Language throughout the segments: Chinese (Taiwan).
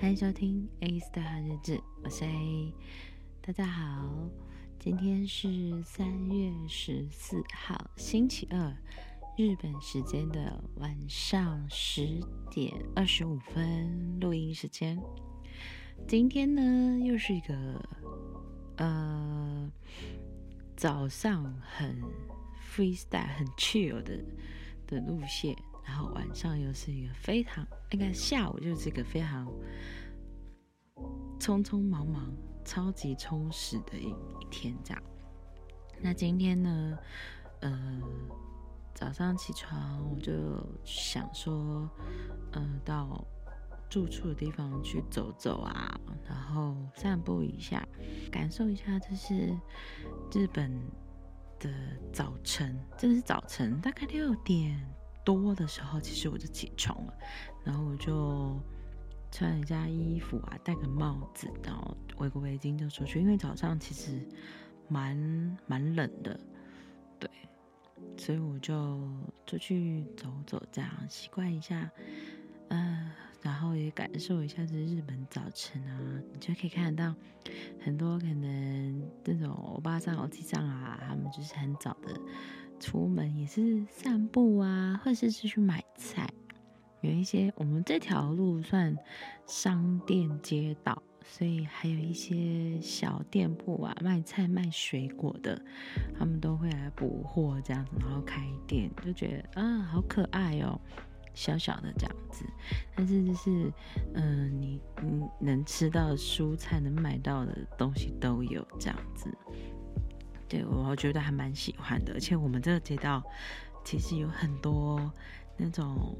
歡迎收聽 A star 日誌，我是 ACE，大家好，今天是三月十四號星期二，日本時間的晚上十點二十五分錄音時間。今天呢，又是一個呃早上很 freestyle、很 chill 的的路線。然後晚上又是一個非常，應該下午就是一個非常匆匆忙忙、超級充實的一一天這樣。那今天呢，呃，早上起床我就想說，嗯、呃，到住處的地方去走走啊，然後散步一下，感受一下這是日本的早晨。這是早晨，大概六點多的時候，其實我就起床了，然後我就穿一件衣服啊，戴個帽子，然後圍個圍巾就出去，因為早上其實蠻蠻冷的，對，所以我就出去走走，這樣習慣一下，嗯、呃，然後也感受一下這日本早晨啊，你就可以看得到很多可能這種歐巴桑、歐吉桑啊，他們就是很早的。出門也是散步啊，或者是去買菜。有一些我們這條路算商店街道，所以還有一些小店鋪啊，賣菜、賣水果的，他們都會來補貨這樣子，然後開店，就覺得啊，好可愛哦，小小的這樣子。但是就是，嗯，你你能吃到的蔬菜，能買到的東西都有這樣子。對，我覺得還蠻喜歡的，而且我們這個街道其實有很多那種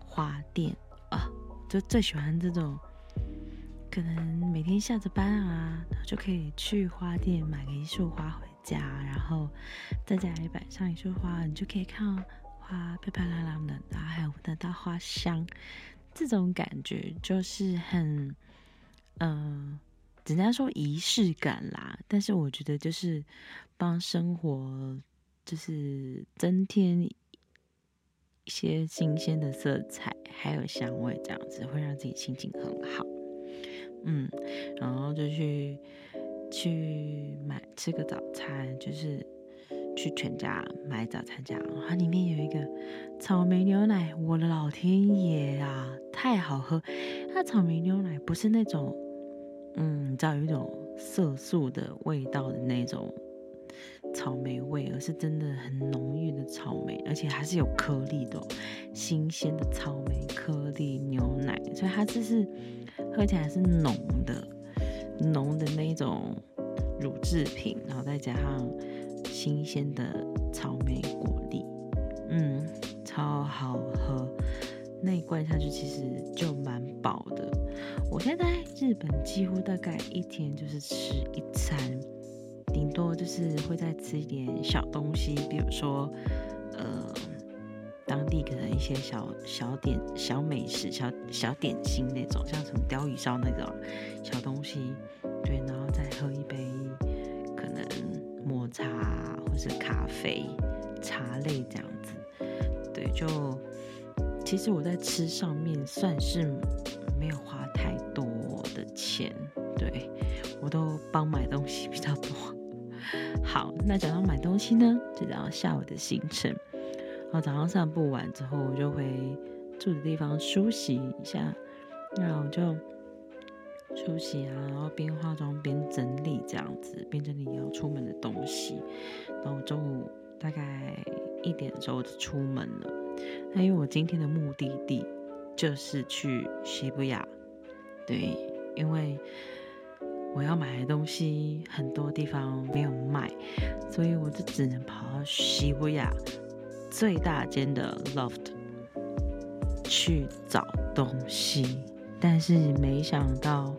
花店啊，就最喜歡這種，可能每天下着班啊，就可以去花店買個一束花回家，然後在家裡擺上一束花，你就可以看到、哦、花啪啪啦啦的，然後還有聞得到花香，這種感覺就是很嗯。呃人家說儀式感啦，但是我覺得就是幫生活就是增添一些新鮮的色彩，還有香味，這樣子會讓自己心情很好。嗯，然後就去去買吃個早餐，就是去全家買早餐這樣，它裡面有一個草莓牛奶，我的老天爺啊，太好喝！它草莓牛奶不是那種。嗯，你知道有一種色素的味道的那種草莓味，而是真的很濃郁的草莓，而且還是有顆粒的，哦，新鮮的草莓顆粒牛奶，所以它這是喝起來是濃的，濃的那種乳製品，然後再加上新鮮的草莓果粒，嗯，超好喝，那一罐下去其實就蠻飽的。我現在在日本幾乎大概一天就是吃一餐，頂多就是會再吃一點小東西，比如說，呃，當地可能一些小小點小美食、小小點心那種，像什麼鯛魚燒那種小東西，對，然後再喝一杯可能抹茶或是咖啡、茶類這樣子，對，就其實我在吃上面算是。沒有花太多的錢，對我都幫買東西比較多。好，那講到買東西呢，就講下午的行程。然後早上散步完之後，我就回住的地方梳洗一下，然後我就梳洗啊，然後邊化妝邊整理這樣子，邊整理要出門的東西。然後中午大概一點的時候我就出門了，那因為我今天的目的地。就是去 Shibuya，對，因為我要買的東西很多地方沒有賣，所以我就只能跑到 Shibuya 最大間的 loft 去找東西。但是沒想到，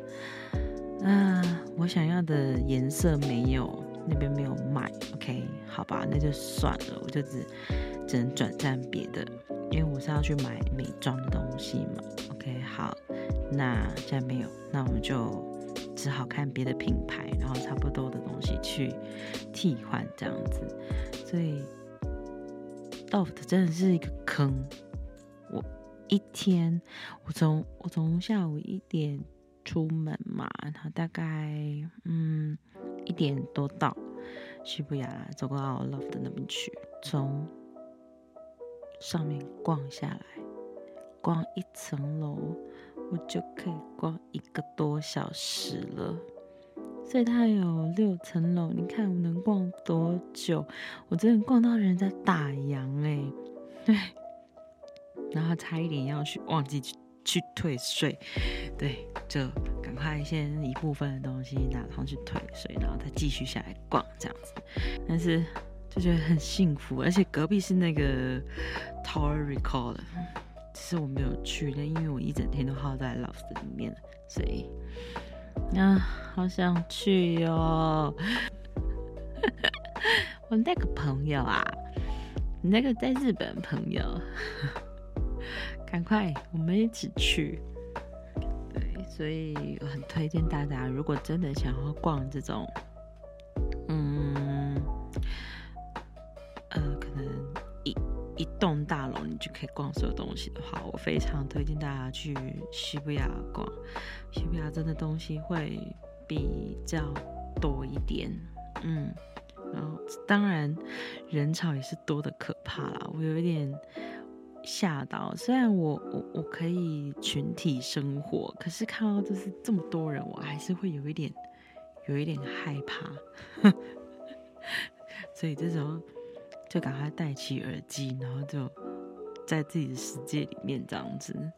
啊，我想要的顏色沒有，那邊沒有賣。OK，好吧，那就算了，我就只只能轉戰別的，因為我是要去買美妝。係嘛，OK，好，那既然沒有，那我們就只好看別的品牌，然後差不多的東西去替換這樣子。所以，LOFT 真的是一個坑。我一天，我從我從下午一點出門嘛，然後大概嗯一點多到，澀谷，走到 LOFT 那邊去，從上面逛下來。逛一層樓，我就可以逛一個多小時了。所以它有六層樓，你看我能逛多久？我真的逛到人在打烊哎、欸，對。然後差一點要去忘記去去退稅，對，就趕快先一部分的東西拿上去退稅，然後再繼續下來逛這樣子。但是就覺得很幸福，而且隔壁是那個 Tower Records。是，其實我沒有去，但因為我一整天都耗在 Loft 裡面，所以啊，好想去喲、哦！ 我那個朋友啊，你那個在日本朋友， 趕快，我們一起去。對，所以我很推薦大家，如果真的想要逛這種。棟大樓，你就可以逛所有東西的話，我非常推薦大家去 Shibuya 逛。Shibuya 真的東西會比較多一點，嗯，然後當然人潮也是多的可怕啦，我有一點嚇到。雖然我我我可以群體生活，可是看到就是這麼多人，我還是會有一點有一點害怕， 所以這時候。就趕快戴起耳機，然後就在自己的世界裡面這樣子。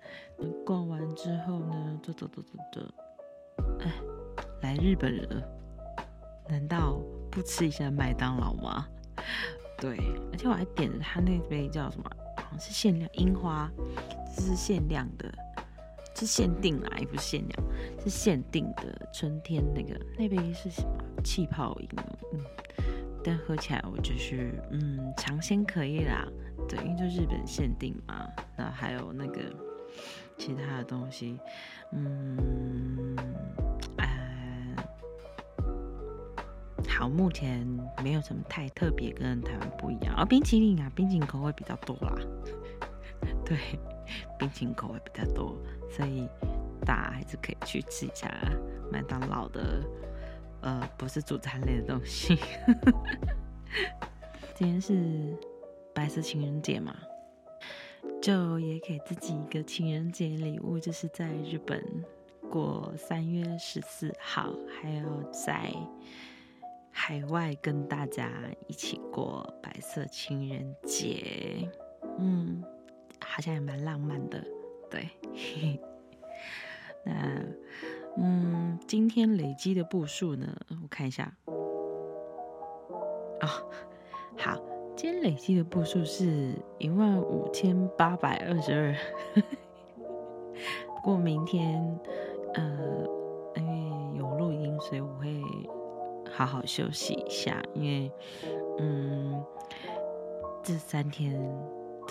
逛完之後呢，就走走走走，哎，來日本人了，難道不吃一下麥當勞嗎？對，而且我還點了他那杯叫什麼？好像是限量櫻花，這是限量的，是限定哪，不限量，是限定的春天那個。那杯是什麼？氣泡飲，嗯。但喝起來我就是，嗯，嘗鮮可以啦，對，因為就日本限定嘛。然後還有那個其他的東西，嗯，嗯、呃，好，目前沒有什麼太特別跟台灣不一樣。哦，冰淇淋啊，冰淇淋口味比較多啦，對，冰淇淋口味比較多，所以大家還是可以去吃一下麥當勞的。呃，不是主餐類的東西。 今天是白色情人節嘛，就也給自己一個情人節禮物，就是在日本過三月十四號，還有在海外跟大家一起過白色情人節。嗯，好像也蠻浪漫的，對。 那，嗯。今天累積的步數呢？我看一下，啊、哦，好，今天累積的步數是一萬五千八百二十二。 不過明天，呃，因為有錄音，所以我會好好休息一下。因為，嗯，這三天。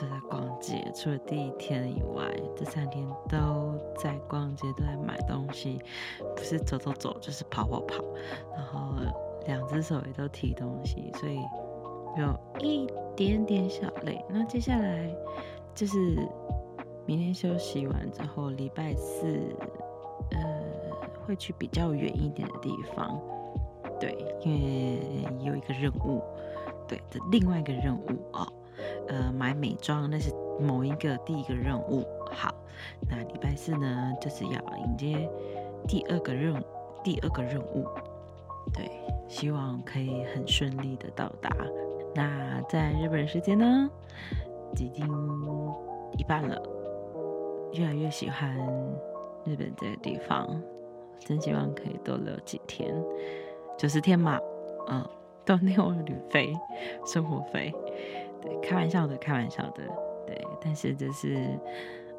在逛街，除了第一天以外，這三天都在逛街，都在買東西，不是走走走就是跑跑跑，然後兩只手也都提東西，所以有一點點小累。那接下來就是明天休息完之後，禮拜四，呃，會去比較遠一點的地方，對，因為有一個任務，對，這另外一個任務啊。哦呃，買美妝那是某一個第一個任務。好，那禮拜四呢，就是要迎接第二個任第二個任務。對，希望可以很順利的到達。那在日本時間呢，已經一半了，越來越喜歡日本這個地方，真希望可以多留幾天。九十天嘛，嗯，都沒有旅費、生活費。對，開玩笑的，開玩笑的，對。但是就是，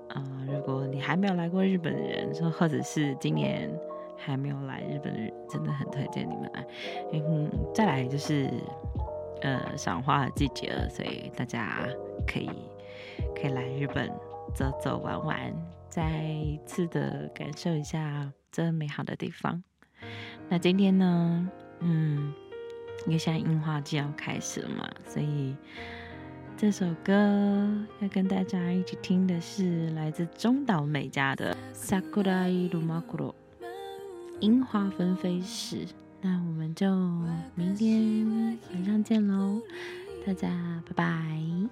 呃，如果你還沒有來過日本人，說或者是今年還沒有來日本的人，真的很推薦你們來。嗯，再來就是，呃，賞花的季節了，所以大家可以可以來日本走走玩玩，再一次的感受一下這美好的地方。那今天呢，嗯，因為現在櫻花季要開始了嘛，所以。這首歌要跟大家一起聽的是來自中島美嘉的《桜色舞うころ》，櫻花紛飛時。那我們就明天晚上見嘍，大家拜拜。